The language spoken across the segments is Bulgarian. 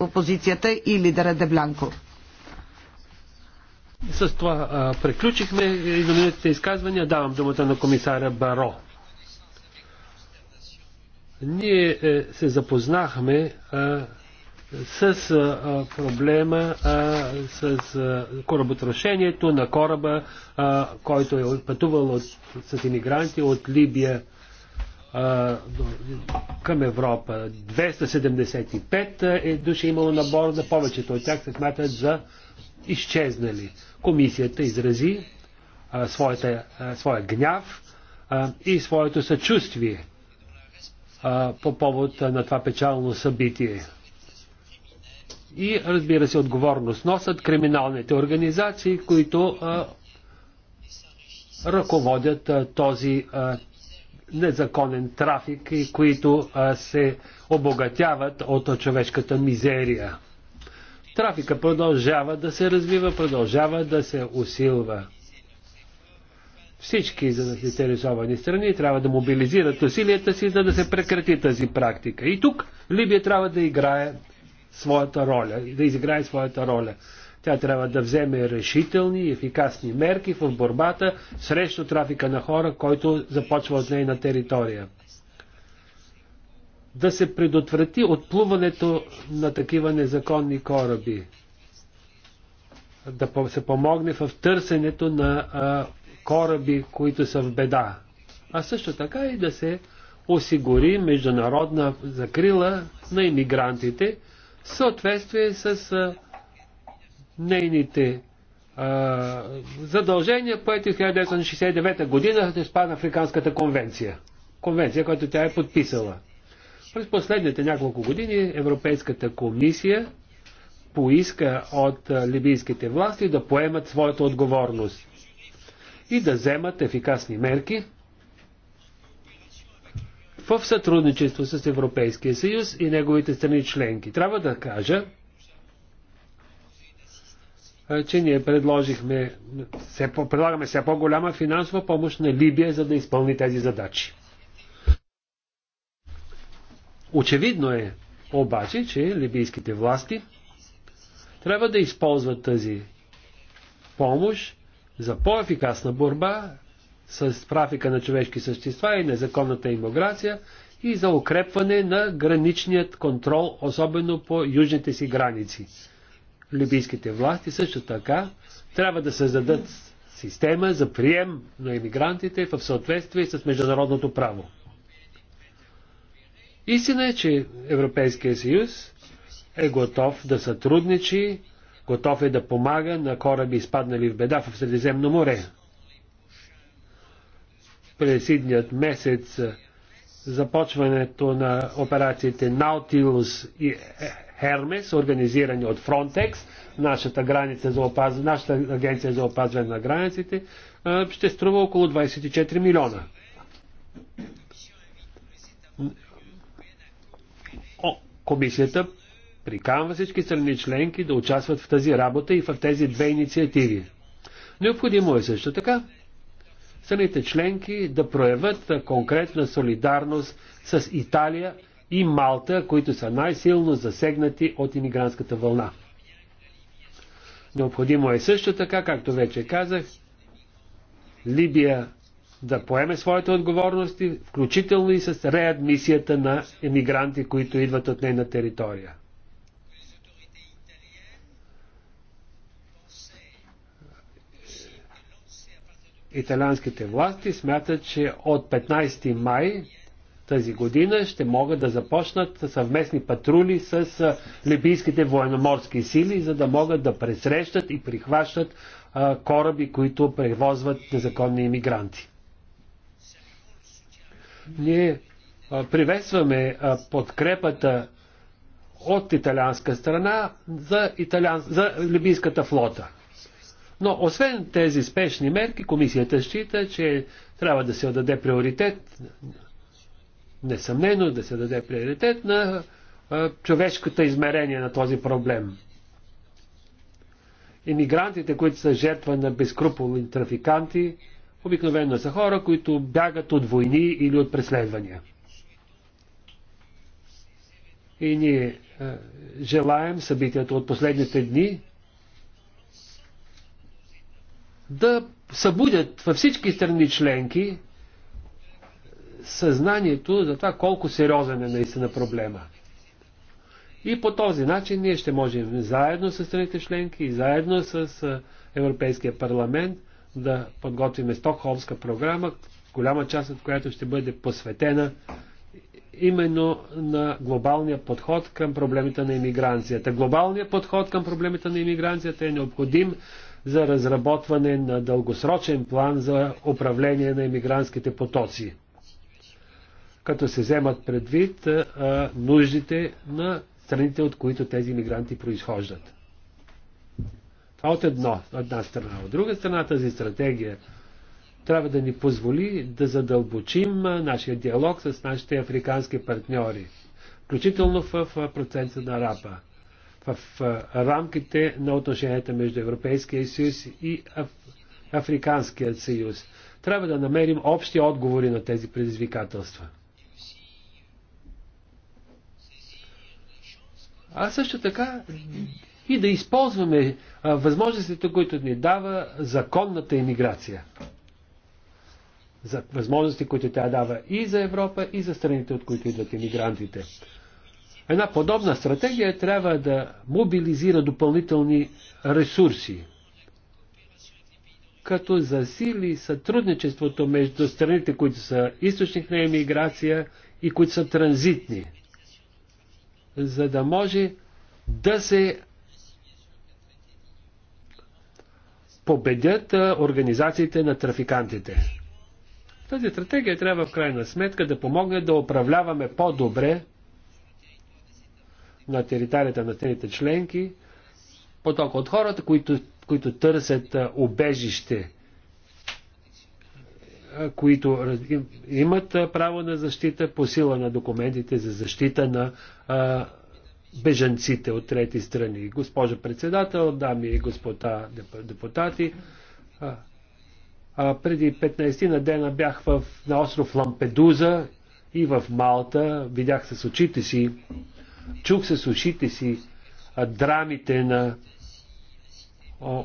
опозицията и лидера Дебланко. С това а, приключихме изумилите изказвания. Давам думата на комисаря Баро. Ние е, се запознахме а, с а, проблема а, с коработрошението на кораба, а, който е пътувал от, с иммигранти от Либия към Европа. 275 е души имало на борда, повечето от тях се смятат за изчезнали. Комисията изрази а, своята, а, своя гняв а, и своето съчувствие а, по повод на това печално събитие. И разбира се, отговорност носят криминалните организации, които а, ръководят а, този а, незаконен трафик и които се обогатяват от човешката мизерия. Трафика продължава да се развива, продължава да се усилва. Всички заинтересовани страни трябва да мобилизират усилията си, за да се прекрати тази практика. И тук Либия трябва да играе своята роля, да изиграе своята роля. Тя трябва да вземе решителни и ефикасни мерки в борбата срещу трафика на хора, който започва от нейна територия. Да се предотврати отплуването на такива незаконни кораби. Да се помогне в търсенето на кораби, които са в беда. А също така и да се осигури международна закрила на иммигрантите в съответствие с нейните а, задължения, поети в 1969 година от Испан-Африканската конвенция. Конвенция, която тя е подписала. През последните няколко години Европейската комисия поиска от либийските власти да поемат своята отговорност и да вземат ефикасни мерки в сътрудничество с Европейския съюз и неговите страни членки. Трябва да кажа, че ние предложихме, все предлагаме все по-голяма финансова помощ на Либия, за да изпълни тези задачи. Очевидно е обаче, че либийските власти трябва да използват тази помощ за по-ефикасна борба с трафика на човешки същества и незаконната иммиграция и за укрепване на граничният контрол, особено по южните си граници либийските власти също така трябва да създадат система за прием на иммигрантите в съответствие с международното право. Истина е, че Европейския съюз е готов да сътрудничи, готов е да помага на кораби изпаднали в беда в Средиземно море. През идният месец започването на операциите Nautilus и Хермес, организирани от Frontex, нашата, граница за опаз... нашата агенция за опазване на границите, ще струва около 24 милиона. О, комисията приканва всички страни членки да участват в тази работа и в тези две инициативи. Необходимо е също така страните членки да проявят конкретна солидарност с Италия и Малта, които са най-силно засегнати от иммигрантската вълна. Необходимо е също така, както вече казах, Либия да поеме своите отговорности, включително и с реадмисията на емигранти, които идват от нейна територия. Италианските власти смятат, че от 15 май тази година ще могат да започнат съвместни патрули с либийските военноморски сили, за да могат да пресрещат и прихващат кораби, които превозват незаконни иммигранти. Ние приветстваме подкрепата от италианска страна за, италиан... за либийската флота. Но освен тези спешни мерки, комисията счита, че трябва да се отдаде приоритет несъмнено да се даде приоритет на човешкото измерение на този проблем. Имигрантите, които са жертва на безкруполни трафиканти, обикновено са хора, които бягат от войни или от преследвания. И ние желаем събитията от последните дни да събудят във всички страни членки съзнанието за това колко сериозен е наистина проблема. И по този начин ние ще можем заедно с страните членки и заедно с Европейския парламент да подготвим Стокхолмска програма, голяма част от която ще бъде посветена именно на глобалния подход към проблемите на иммигранцията. Глобалният подход към проблемите на иммигранцията е необходим за разработване на дългосрочен план за управление на иммигрантските потоци като се вземат предвид а, нуждите на страните, от които тези мигранти произхождат. Това от едно, една страна. От друга страна тази стратегия трябва да ни позволи да задълбочим нашия диалог с нашите африкански партньори, включително в процеса на РАПА, в рамките на отношенията между Европейския съюз и Африканският съюз. Трябва да намерим общи отговори на тези предизвикателства. а също така и да използваме възможностите, които ни дава законната иммиграция. За възможности, които тя дава и за Европа, и за страните, от които идват иммигрантите. Една подобна стратегия трябва да мобилизира допълнителни ресурси, като засили сътрудничеството между страните, които са източник на емиграция и които са транзитни за да може да се победят организациите на трафикантите. Тази стратегия трябва в крайна сметка да помогне да управляваме по-добре на територията на трите членки поток от хората, които, които търсят убежище които имат право на защита по сила на документите за защита на бежанците от трети страни. Госпожа председател, дами и господа депутати, преди 15 ти на дена бях в, на остров Лампедуза и в Малта. Видях с очите си, чух с ушите си драмите на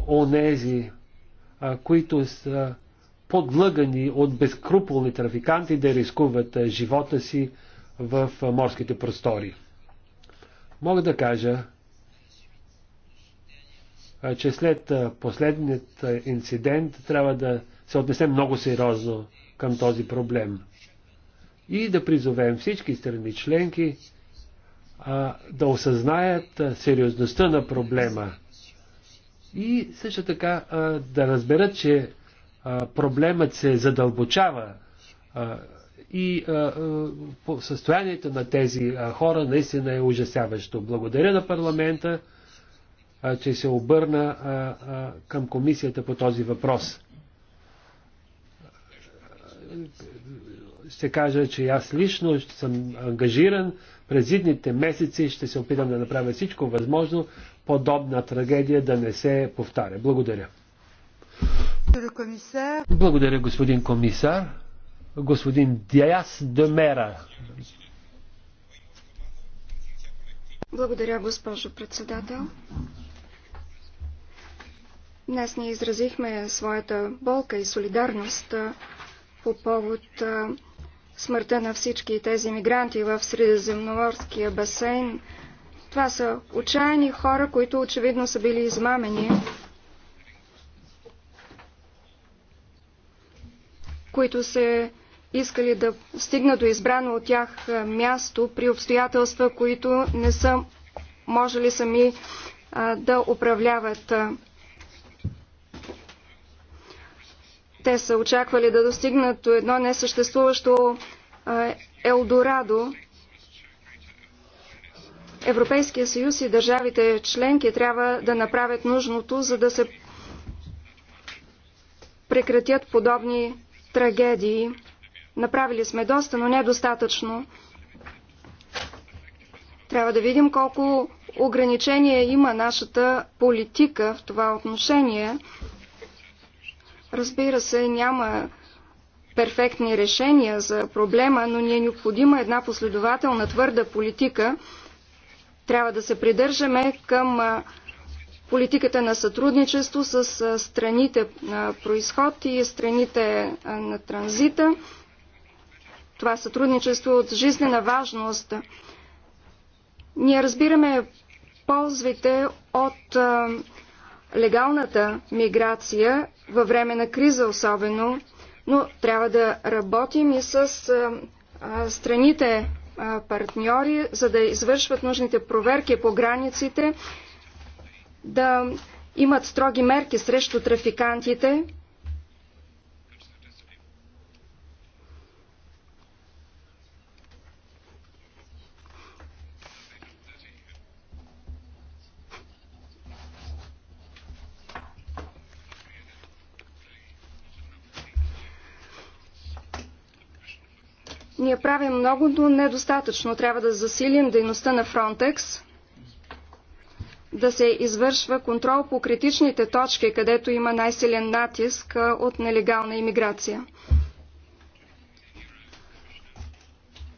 онези, които са подлъгани от безкруполни трафиканти да рискуват живота си в морските простори. Мога да кажа, че след последният инцидент трябва да се отнесем много сериозно към този проблем и да призовем всички страни членки а, да осъзнаят сериозността на проблема и също така а, да разберат, че проблемът се задълбочава и състоянието на тези хора наистина е ужасяващо. Благодаря на парламента, че се обърна към комисията по този въпрос. Ще кажа, че аз лично съм ангажиран. През идните месеци ще се опитам да направя всичко възможно подобна трагедия да не се повтаря. Благодаря. Благодаря, господин комисар. Господин Диас Демера. Благодаря, госпожо председател. Днес ние изразихме своята болка и солидарност по повод смъртта на всички тези мигранти в Средиземноморския басейн. Това са отчаяни хора, които очевидно са били измамени които са искали да стигнат до избрано от тях място при обстоятелства, които не са можели сами да управляват. Те са очаквали да достигнат до едно несъществуващо Елдорадо. Европейския съюз и държавите членки трябва да направят нужното, за да се прекратят подобни трагедии. Направили сме доста, но недостатъчно. Трябва да видим колко ограничения има нашата политика в това отношение. Разбира се, няма перфектни решения за проблема, но ни е необходима една последователна твърда политика. Трябва да се придържаме към политиката на сътрудничество с страните на происход и страните на транзита. Това сътрудничество е от жизнена важност. Ние разбираме ползвите от легалната миграция във време на криза особено, но трябва да работим и с страните партньори, за да извършват нужните проверки по границите да имат строги мерки срещу трафикантите. Ние правим много, но недостатъчно. Трябва да засилим дейността на Фронтекс да се извършва контрол по критичните точки, където има най-силен натиск от нелегална иммиграция.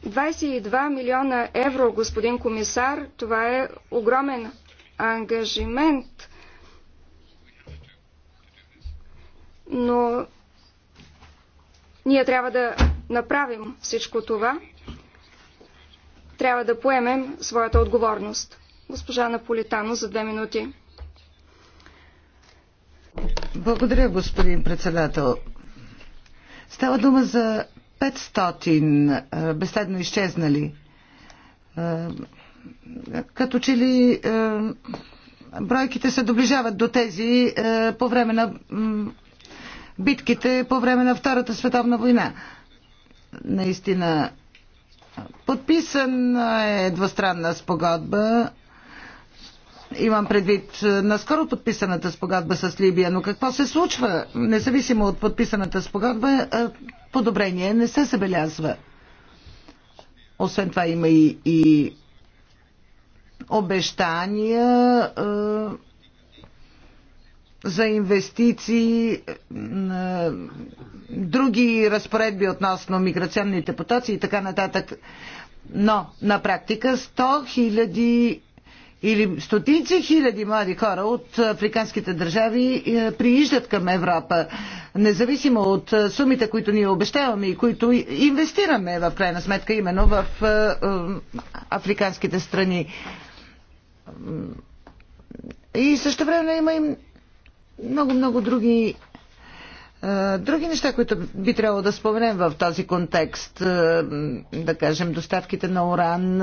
22 милиона евро, господин комисар, това е огромен ангажимент, но ние трябва да направим всичко това. Трябва да поемем своята отговорност. Госпожа Наполитано за две минути. Благодаря, господин председател. Става дума за 500 беседно изчезнали. Като че ли бройките се доближават до тези по време на битките по време на Втората световна война. Наистина, подписан е двустранна спогодба Имам предвид наскоро подписаната спогадба с Либия, но какво се случва? Независимо от подписаната спогадба, е, подобрение не се забелязва. Освен това има и, и обещания е, за инвестиции, е, други разпоредби относно миграционните потоци и така нататък. Но на практика 100 хиляди или стотици хиляди млади хора от африканските държави е, прииждат към Европа, независимо от е, сумите, които ние обещаваме и които инвестираме в крайна сметка именно в е, африканските страни. И също време има и много-много други Други неща, които би трябвало да споменем в този контекст, да кажем доставките на уран,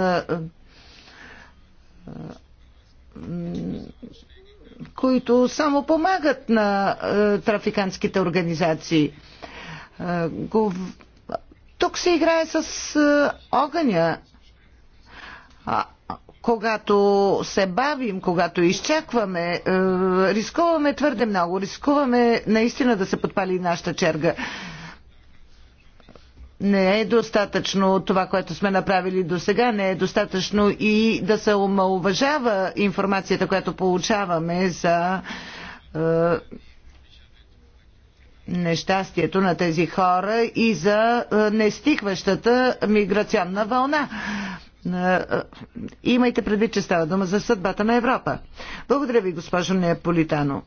които само помагат на е, трафикантските организации. Е, тук се играе с е, огъня. Когато се бавим, когато изчакваме, рискуваме твърде много, рискуваме наистина да се подпали нашата черга не е достатъчно това, което сме направили до сега, не е достатъчно и да се омалуважава информацията, която получаваме за е, нещастието на тези хора и за е, нестихващата миграционна вълна. Е, имайте предвид, че става дума за съдбата на Европа. Благодаря ви, госпожо Неаполитано.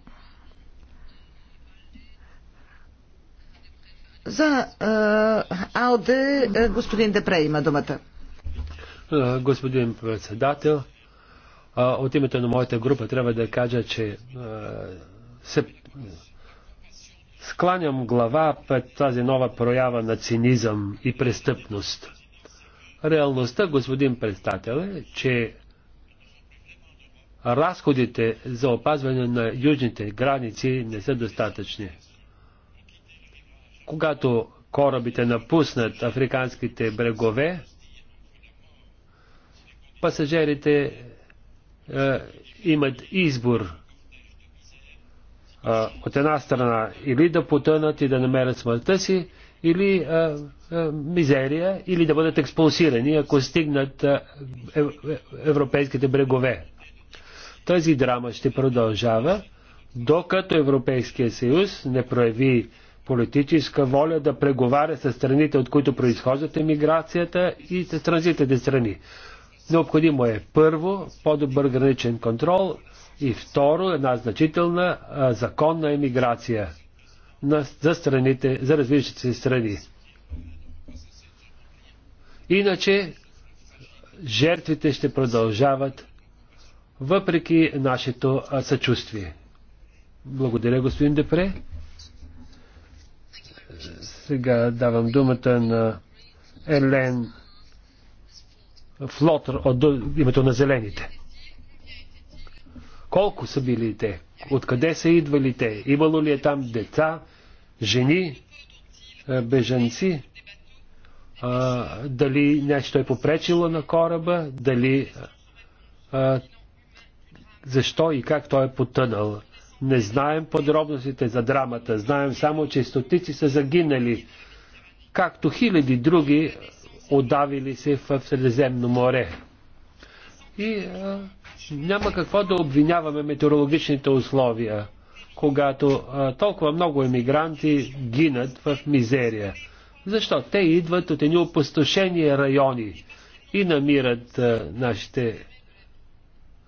За АОДЕ господин Депре има думата. Господин председател, от името на моята група трябва да кажа, че се скланям глава пред тази нова проява на цинизъм и престъпност. Реалността, господин председател, е, че разходите за опазване на южните граници не са достатъчни когато корабите напуснат африканските брегове, пасажирите е, имат избор е, от една страна или да потънат и да намерят смъртта си, или е, е, мизерия, или да бъдат експулсирани, ако стигнат е, е, европейските брегове. Тази драма ще продължава, докато Европейския съюз не прояви политическа воля да преговаря с страните, от които произхождат емиграцията и с транзитните страни. Необходимо е първо по-добър граничен контрол и второ една значителна а, законна емиграция на, за страните, за развиващите се страни. Иначе жертвите ще продължават въпреки нашето съчувствие. Благодаря, господин Депре. Сега давам думата на Елен Флотър от името на зелените. Колко са били те? Откъде са идвали те? Имало ли е там деца, жени, е, бежанци? А, дали нещо е попречило на кораба? Дали а, защо и как той е потънал? Не знаем подробностите за драмата, знаем само, че стотици са загинали, както хиляди други отдавили се в Средиземно море. И а, няма какво да обвиняваме метеорологичните условия, когато а, толкова много емигранти гинат в мизерия. Защо? Те идват от едни опустошени райони и намират а, нашите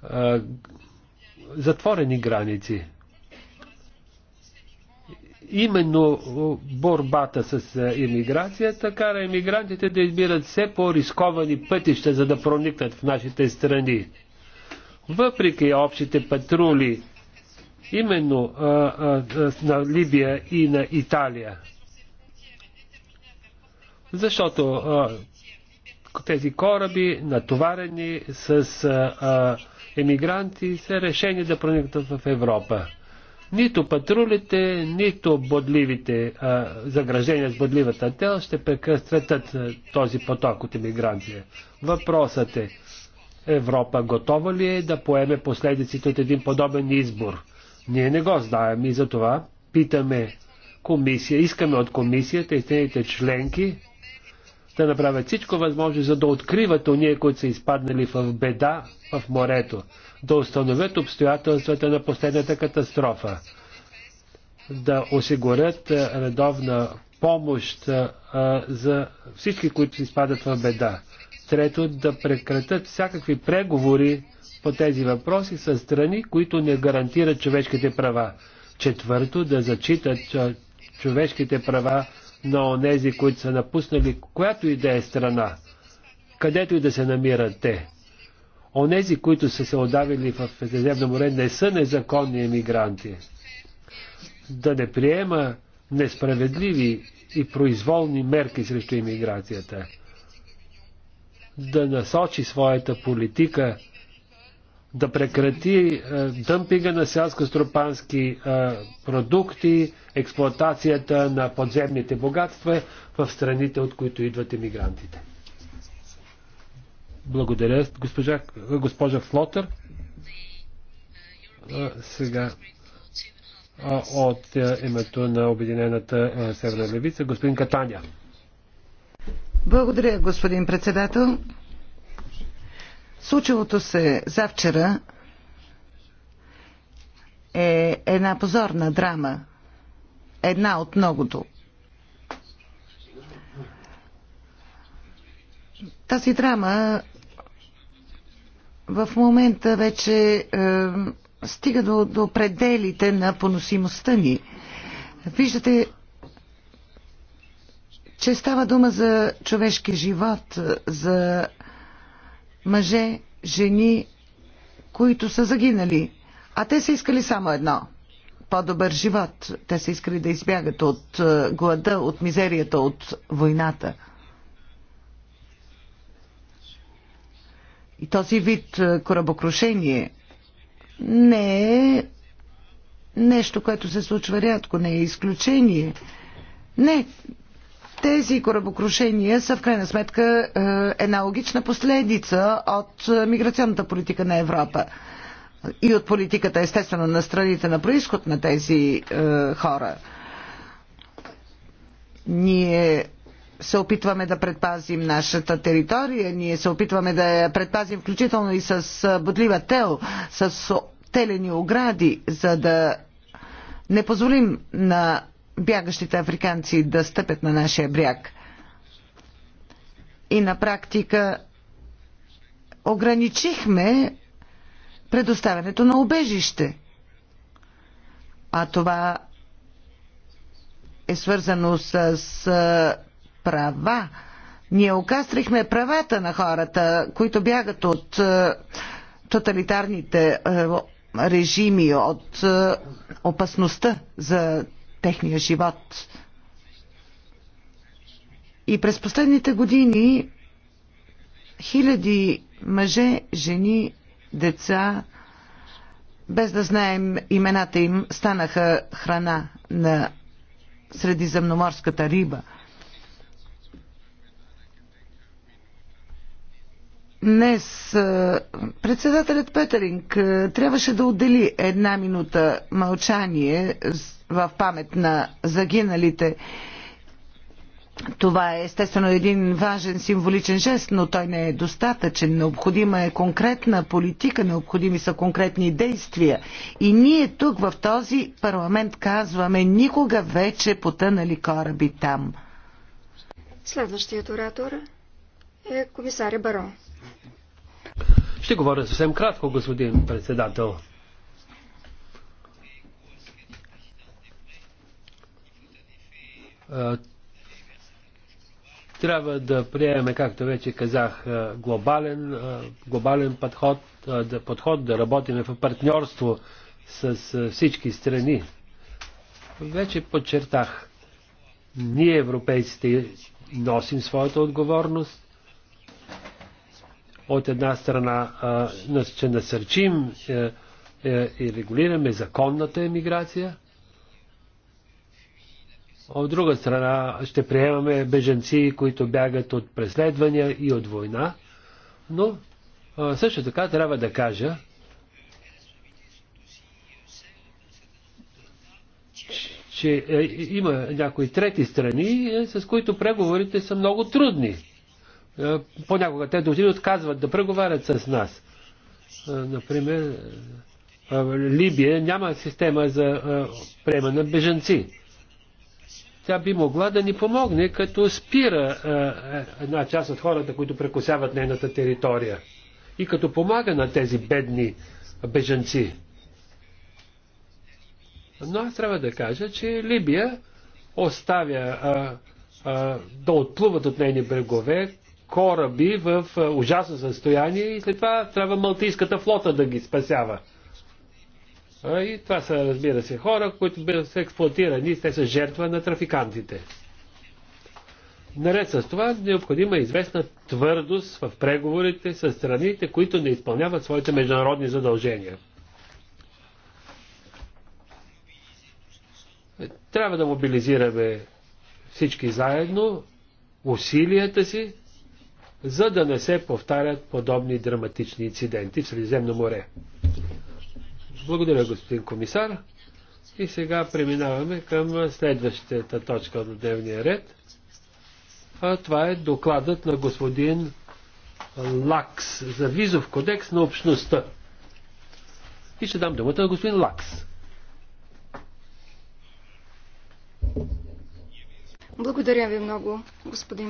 а, затворени граници именно борбата с е, иммиграцията кара емигрантите да избират все по-рисковани пътища, за да проникнат в нашите страни. Въпреки общите патрули, именно а, а, на Либия и на Италия. Защото а, тези кораби, натоварени с а, а, емигранти, са решени да проникнат в Европа. Нито патрулите, нито бодливите, а, заграждения с бодливата тел ще прекратят този поток от иммигранция. Въпросът е, Европа готова ли е да поеме последиците от един подобен избор? Ние не го знаем и затова питаме комисия, искаме от комисията и страните членки да направят всичко възможно, за да откриват оние, които са изпаднали в беда в морето, да установят обстоятелствата на последната катастрофа, да осигурят е, редовна помощ а, е, е, за всички, които изпадат в беда. Трето, да прекратят всякакви преговори по тези въпроси с страни, които не гарантират човешките права. Четвърто, да зачитат човешките права на онези, които са напуснали която и да е страна, където и да се намират те. Онези, които са се отдавили в Средиземно море, не са незаконни емигранти. Да не приема несправедливи и произволни мерки срещу иммиграцията. Да насочи своята политика да прекрати е, дъмпинга на селско-стропански е, продукти, експлоатацията на подземните богатства в страните, от които идват емигрантите. Благодаря, госпожа, госпожа Флотър. Сега от е, името на Обединената Северна Левица, господин Катаня. Благодаря, господин председател. Случилото се завчера е една позорна драма. Една от многото. Тази драма в момента вече е, стига до, до пределите на поносимостта ни. Виждате, че става дума за човешки живот, за мъже, жени, които са загинали. А те са искали само едно по-добър живот. Те са искали да избягат от е, глада, от мизерията, от войната. И този вид е, корабокрушение не е нещо, което се случва рядко, не е изключение. Не, тези корабокрушения са в крайна сметка е, една логична последица от е, миграционната политика на Европа и от политиката естествено на страните на происход на тези е, хора. Ние се опитваме да предпазим нашата територия, ние се опитваме да я предпазим включително и с е, бодлива тел, с телени огради, за да не позволим на бягащите африканци да стъпят на нашия бряг. И на практика ограничихме предоставянето на обежище. А това е свързано с, с права. Ние окастрихме правата на хората, които бягат от е, тоталитарните е, режими, от е, опасността за техния живот. И през последните години хиляди мъже, жени, деца, без да знаем имената им, станаха храна на средиземноморската риба. Днес председателят Петеринг трябваше да отдели една минута мълчание в памет на загиналите. Това е естествено един важен символичен жест, но той не е достатъчен. Необходима е конкретна политика, необходими са конкретни действия. И ние тук в този парламент казваме никога вече потънали кораби там. Следващият оратор е комисаря Барон. Ще говоря съвсем кратко, господин председател. трябва да приемем, както вече казах, глобален, глобален подход, да, подход, да работим в партньорство с всички страни. Вече подчертах, ние европейците носим своята отговорност. От една страна ще насърчим е, е, и регулираме законната емиграция, от друга страна ще приемаме беженци, които бягат от преследвания и от война, но също така трябва да кажа, че е, има някои трети страни, е, с които преговорите са много трудни. Е, понякога те дори отказват да преговарят с нас. Например, Либия няма система за приема на беженци тя би могла да ни помогне, като спира а, е, е, една част от хората, които прекусяват нейната територия и като помага на тези бедни бежанци. Но аз трябва да кажа, че Либия оставя а, е, а, да отплуват от нейни брегове кораби в а, ужасно състояние и след това трябва Малтийската флота да ги спасява. И това са, разбира се, хора, които са експлуатирани, те са жертва на трафикантите. Наред с това, необходима е известна твърдост в преговорите с страните, които не изпълняват своите международни задължения. Трябва да мобилизираме всички заедно усилията си, за да не се повтарят подобни драматични инциденти в Средиземно море. Благодаря, господин комисар. И сега преминаваме към следващата точка на дневния ред. А това е докладът на господин Лакс за визов кодекс на общността. И ще дам думата на господин Лакс. Благодаря ви много, господин